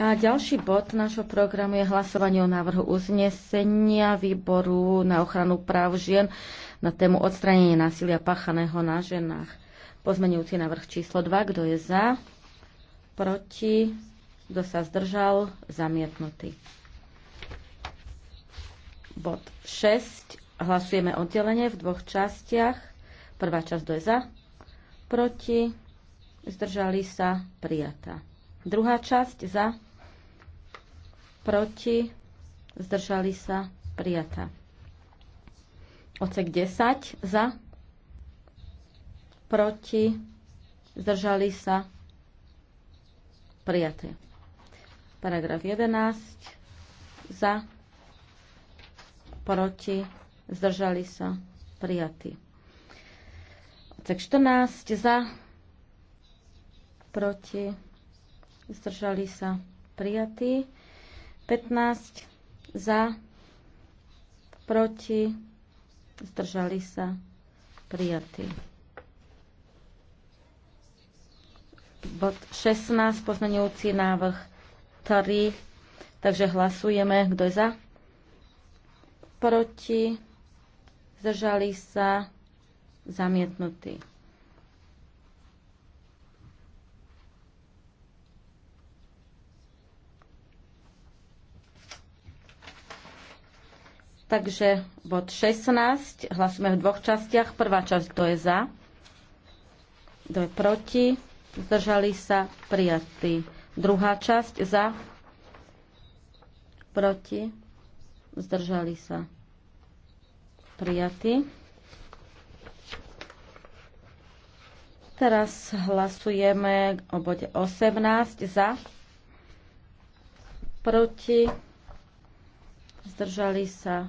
A ďalší bod nášho programu je hlasovanie o návrhu uznesenia výboru na ochranu práv žien na tému odstranenie násilia páchaného na ženách. Pozmenujúci návrh číslo 2. Kto je za? Proti? Kto sa zdržal? Zamietnutý. Bod 6. Hlasujeme oddelenie v dvoch častiach. Prvá časť, kto je za? Proti? zdržali sa, prijatá. Druhá časť za, proti, zdržali sa, prijatá. Ocek 10 za, proti, zdržali sa, prijaté. Paragraf 11 za, proti, zdržali sa, prijatí. Ocek 14 za, proti, zdržali sa prijatí, 15 za, proti, zdržali sa prijatí. Bod 16, pozmenujúci návrh 3, takže hlasujeme, kto je za, proti, zdržali sa, zamietnutí. Takže bod 16, hlasujeme v dvoch častiach. Prvá časť, kto je za, kto je proti, zdržali sa, prijatí. Druhá časť, za, proti, zdržali sa, prijatí. Teraz hlasujeme o bode 18 za, proti, zdržali sa.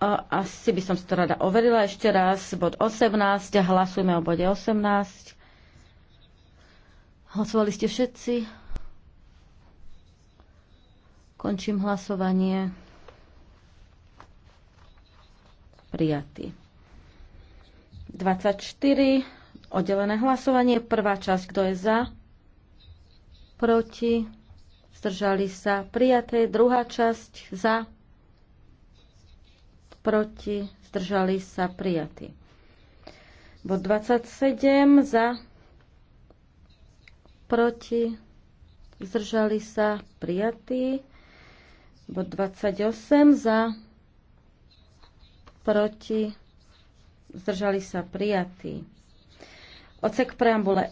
A, asi by som si to rada overila ešte raz. Bod 18, hlasujme o bode 18. Hlasovali ste všetci? Končím hlasovanie. Prijatý. 24. Oddelené hlasovanie. Prvá časť, kto je za? Proti? zdržali sa prijaté. Druhá časť za, proti, zdržali sa prijatí. Bod 27 za, proti, zdržali sa prijatí. Bod 28 za, proti, zdržali sa prijatí. Ocek preambule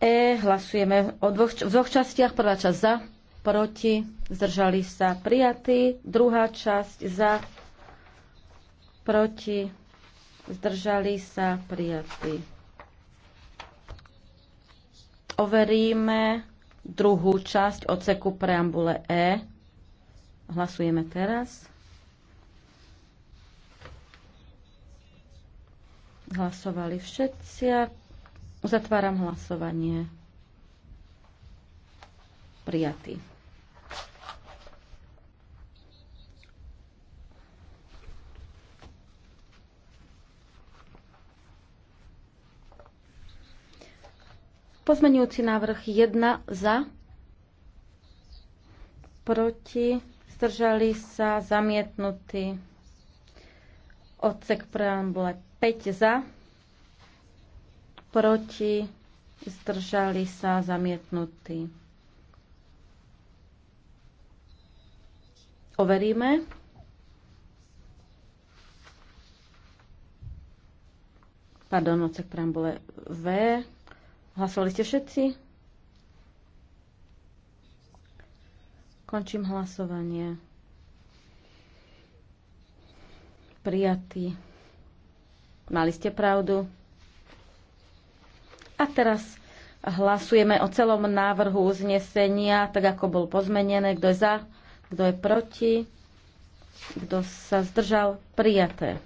E hlasujeme o dvoch, v dvoch častiach. Prvá časť za, proti, zdržali sa prijatí. Druhá časť za, proti, zdržali sa prijatí. Overíme druhú časť odseku preambule E. Hlasujeme teraz. Hlasovali všetci. Uzatváram hlasovanie. Prijatý. Pozmenujúci návrh 1 za, proti, zdržali sa, zamietnutý. Odsek preambule 5 za, proti, zdržali sa, zamietnutý. Overíme. Pardon, odsek preambule V Hlasovali ste všetci? Končím hlasovanie. Prijatý. Mali ste pravdu. A teraz hlasujeme o celom návrhu uznesenia, tak ako bol pozmenené. Kto je za? Kto je proti? Kto sa zdržal? Prijaté.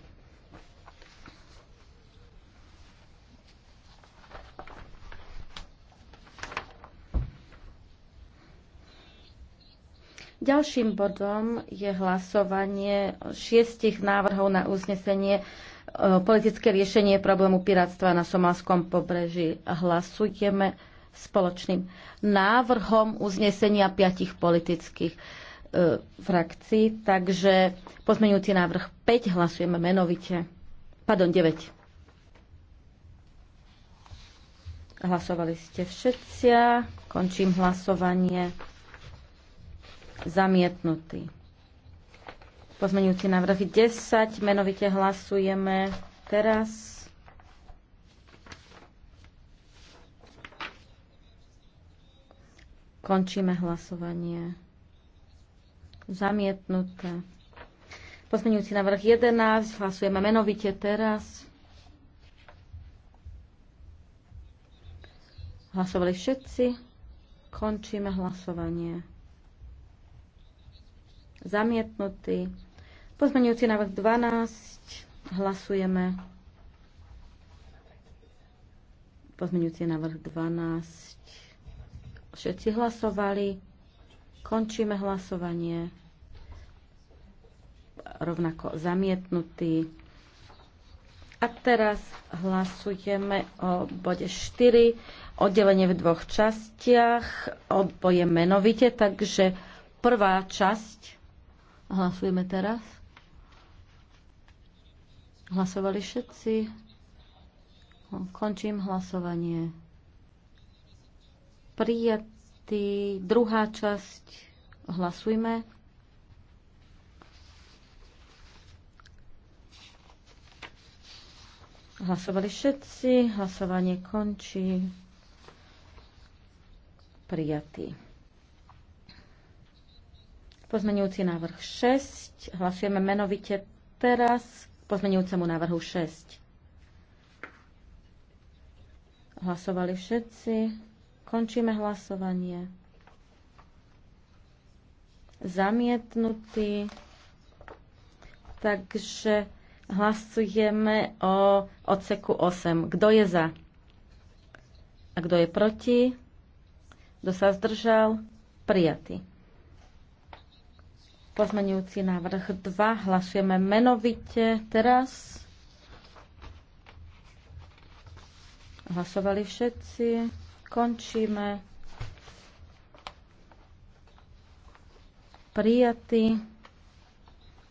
Ďalším bodom je hlasovanie šiestich návrhov na uznesenie e, politické riešenie problému piráctva na somalskom pobreží. Hlasujeme spoločným návrhom uznesenia piatich politických e, frakcií. Takže pozmeňujúci návrh 5 hlasujeme menovite. Pardon, 9. Hlasovali ste všetci. Končím hlasovanie zamietnutý. Pozmenujúci návrh 10, menovite hlasujeme teraz. Končíme hlasovanie. Zamietnuté. Pozmenujúci návrh 11, hlasujeme menovite teraz. Hlasovali všetci. Končíme hlasovanie. Zamietnutý. Pozmenujúci návrh 12. Hlasujeme. Pozmenujúci návrh 12. Všetci hlasovali. Končíme hlasovanie. Rovnako zamietnutý. A teraz hlasujeme o bode 4, oddelenie v dvoch častiach, oboje menovite, takže prvá časť Hlasujeme teraz. Hlasovali všetci. Končím hlasovanie. Prijatý druhá časť. Hlasujme. Hlasovali všetci, hlasovanie končí. Prijatý. Pozmenujúci návrh 6. Hlasujeme menovite teraz k pozmenujúcemu návrhu 6. Hlasovali všetci. Končíme hlasovanie. Zamietnutý. Takže hlasujeme o odseku 8. Kto je za? A kto je proti? Kto sa zdržal? Prijatý. Pozmenujúci návrh 2. Hlasujeme menovite teraz. Hlasovali všetci. Končíme. Prijatý.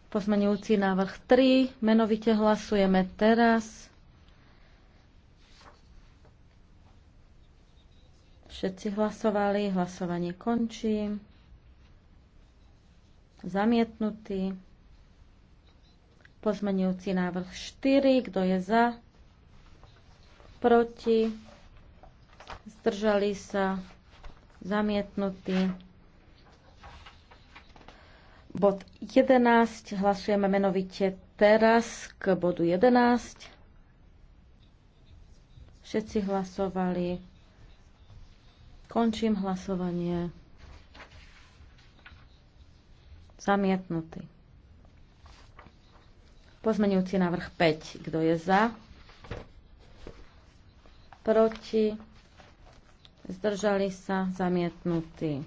Pozmenujúci návrh 3. Menovite hlasujeme teraz. Všetci hlasovali. Hlasovanie končí. Zamietnutý. Pozmenujúci návrh 4. Kto je za? Proti? Zdržali sa? Zamietnutý. Bod 11. Hlasujeme menovite teraz k bodu 11. Všetci hlasovali. Končím hlasovanie. Zamietnutý. Pozmenujúci návrh 5. Kto je za? Proti? Zdržali sa? Zamietnutý.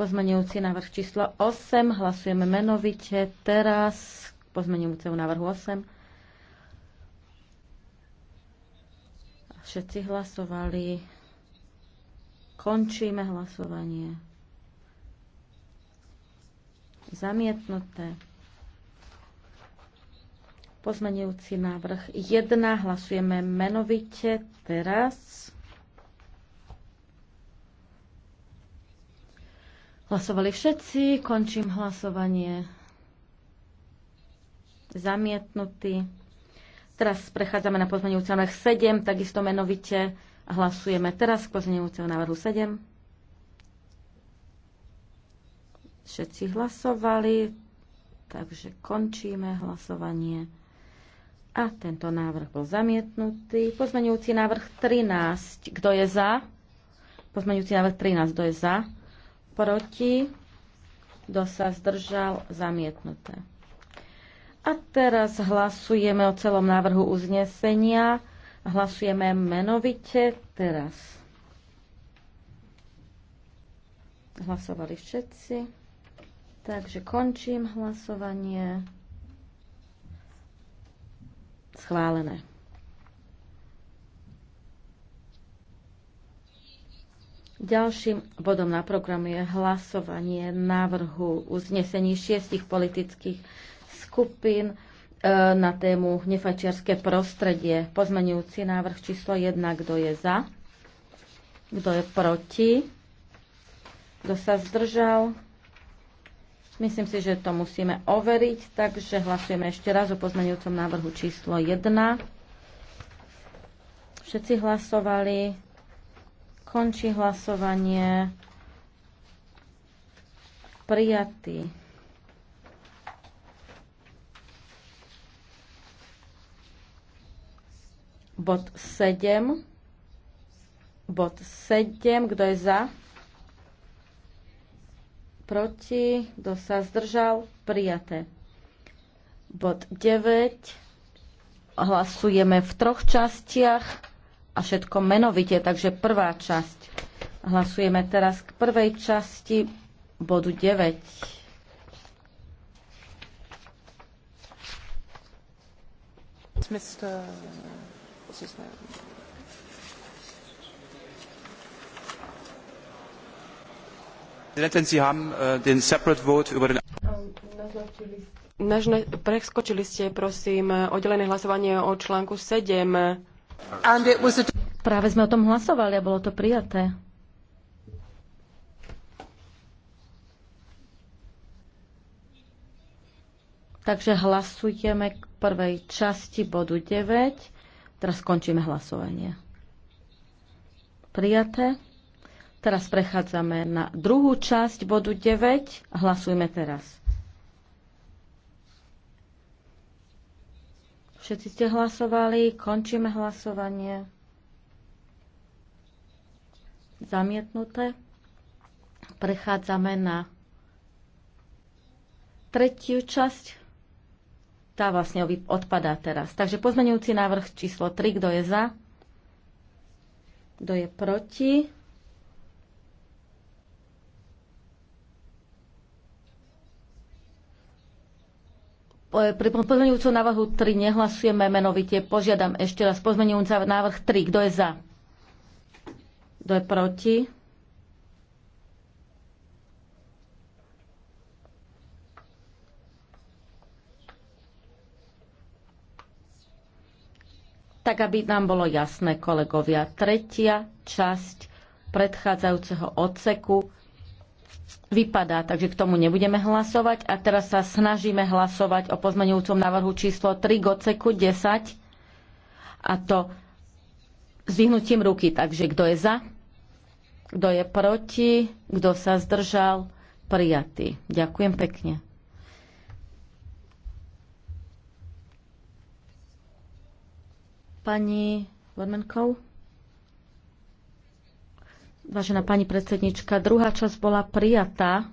Pozmenujúci návrh číslo 8. Hlasujeme menovite teraz k pozmenujúcemu návrhu 8. Všetci hlasovali. Končíme hlasovanie. Zamietnuté. Pozmenujúci návrh 1. Hlasujeme menovite teraz. Hlasovali všetci. Končím hlasovanie. Zamietnutý. Teraz prechádzame na pozmenujúci návrh 7. Takisto menovite hlasujeme teraz k pozmenujúcemu návrhu 7. Všetci hlasovali, takže končíme hlasovanie. A tento návrh bol zamietnutý. Pozmeňujúci návrh 13. Kto je za? Pozmeňujúci návrh 13. Kto je za? Proti? Kto sa zdržal? Zamietnuté. A teraz hlasujeme o celom návrhu uznesenia. Hlasujeme menovite teraz. Hlasovali všetci. Takže končím hlasovanie. Schválené. Ďalším bodom na programu je hlasovanie návrhu uznesení šiestich politických skupín e, na tému nefačiarské prostredie. Pozmenujúci návrh číslo 1. Kto je za? Kto je proti? Kto sa zdržal? Myslím si, že to musíme overiť, takže hlasujeme ešte raz o pozmenujúcom návrhu číslo 1. Všetci hlasovali. Končí hlasovanie. Prijatý. Bod 7. Bod 7. Kto je za? proti, kto sa zdržal, prijaté. Bod 9. Hlasujeme v troch častiach a všetko menovite, takže prvá časť. Hlasujeme teraz k prvej časti bodu 9. Mr. Sie haben den separate vote über den... Nažne, preskočili ste, prosím, oddelené hlasovanie o článku 7. Práve sme o tom hlasovali a bolo to prijaté. Takže hlasujeme k prvej časti bodu 9. Teraz skončíme hlasovanie. Prijaté. Teraz prechádzame na druhú časť bodu 9. Hlasujme teraz. Všetci ste hlasovali, končíme hlasovanie. Zamietnuté. Prechádzame na tretiu časť. Tá vlastne odpadá teraz. Takže pozmenujúci návrh číslo 3, kto je za? Kto je proti? Pri pozmeňujúcom návrhu 3 nehlasujeme menovite. Požiadam ešte raz pozmeňujúca návrh 3. Kto je za? Kto je proti? Tak, aby nám bolo jasné, kolegovia, tretia časť predchádzajúceho odseku vypadá, takže k tomu nebudeme hlasovať. A teraz sa snažíme hlasovať o pozmenujúcom návrhu číslo 3 goceku 10 a to vyhnutím ruky. Takže kto je za, kto je proti, kto sa zdržal, prijatý. Ďakujem pekne. Pani Vormenkov? Vážená pani predsednička, druhá časť bola prijatá.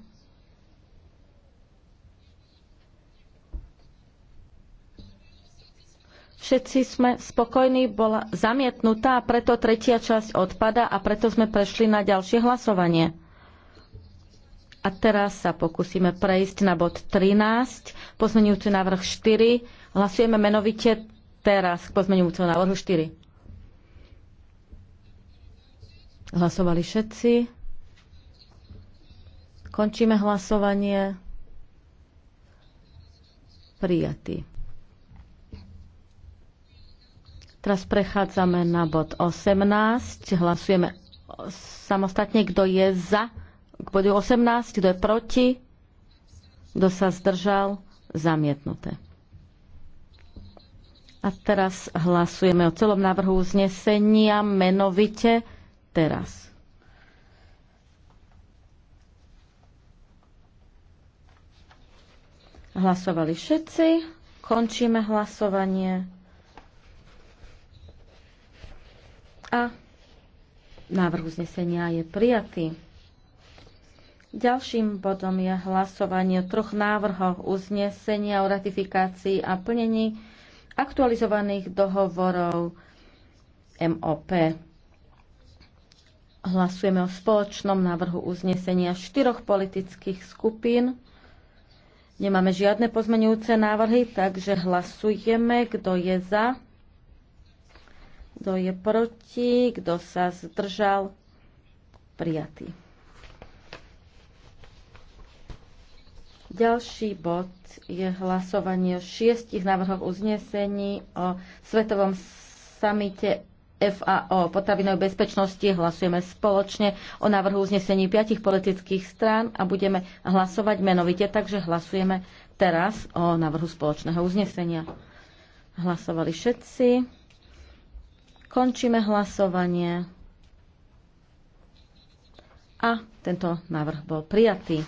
Všetci sme spokojní, bola zamietnutá a preto tretia časť odpada a preto sme prešli na ďalšie hlasovanie. A teraz sa pokúsime prejsť na bod 13, pozmenujúci návrh 4. Hlasujeme menovite teraz k pozmeňujúcemu návrhu 4. Hlasovali všetci. Končíme hlasovanie. Prijatý. Teraz prechádzame na bod 18. Hlasujeme samostatne, kto je za. K bodu 18, kto je proti, kto sa zdržal, zamietnuté. A teraz hlasujeme o celom návrhu uznesenia menovite teraz. Hlasovali všetci. Končíme hlasovanie. A návrh uznesenia je prijatý. Ďalším bodom je hlasovanie o troch návrhoch uznesenia o ratifikácii a plnení aktualizovaných dohovorov MOP. Hlasujeme o spoločnom návrhu uznesenia štyroch politických skupín. Nemáme žiadne pozmenujúce návrhy, takže hlasujeme, kto je za, kto je proti, kto sa zdržal. Prijatý. Ďalší bod je hlasovanie o šiestich návrhoch uznesení o Svetovom samite FAO potravinovej bezpečnosti. Hlasujeme spoločne o návrhu uznesení piatich politických strán a budeme hlasovať menovite, takže hlasujeme teraz o návrhu spoločného uznesenia. Hlasovali všetci. Končíme hlasovanie. A tento návrh bol prijatý.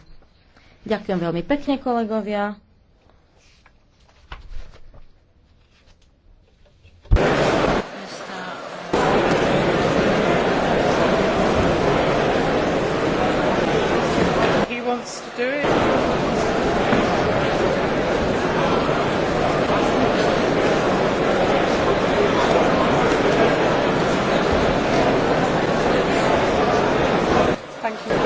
Ďakujem veľmi pekne, kolegovia. pani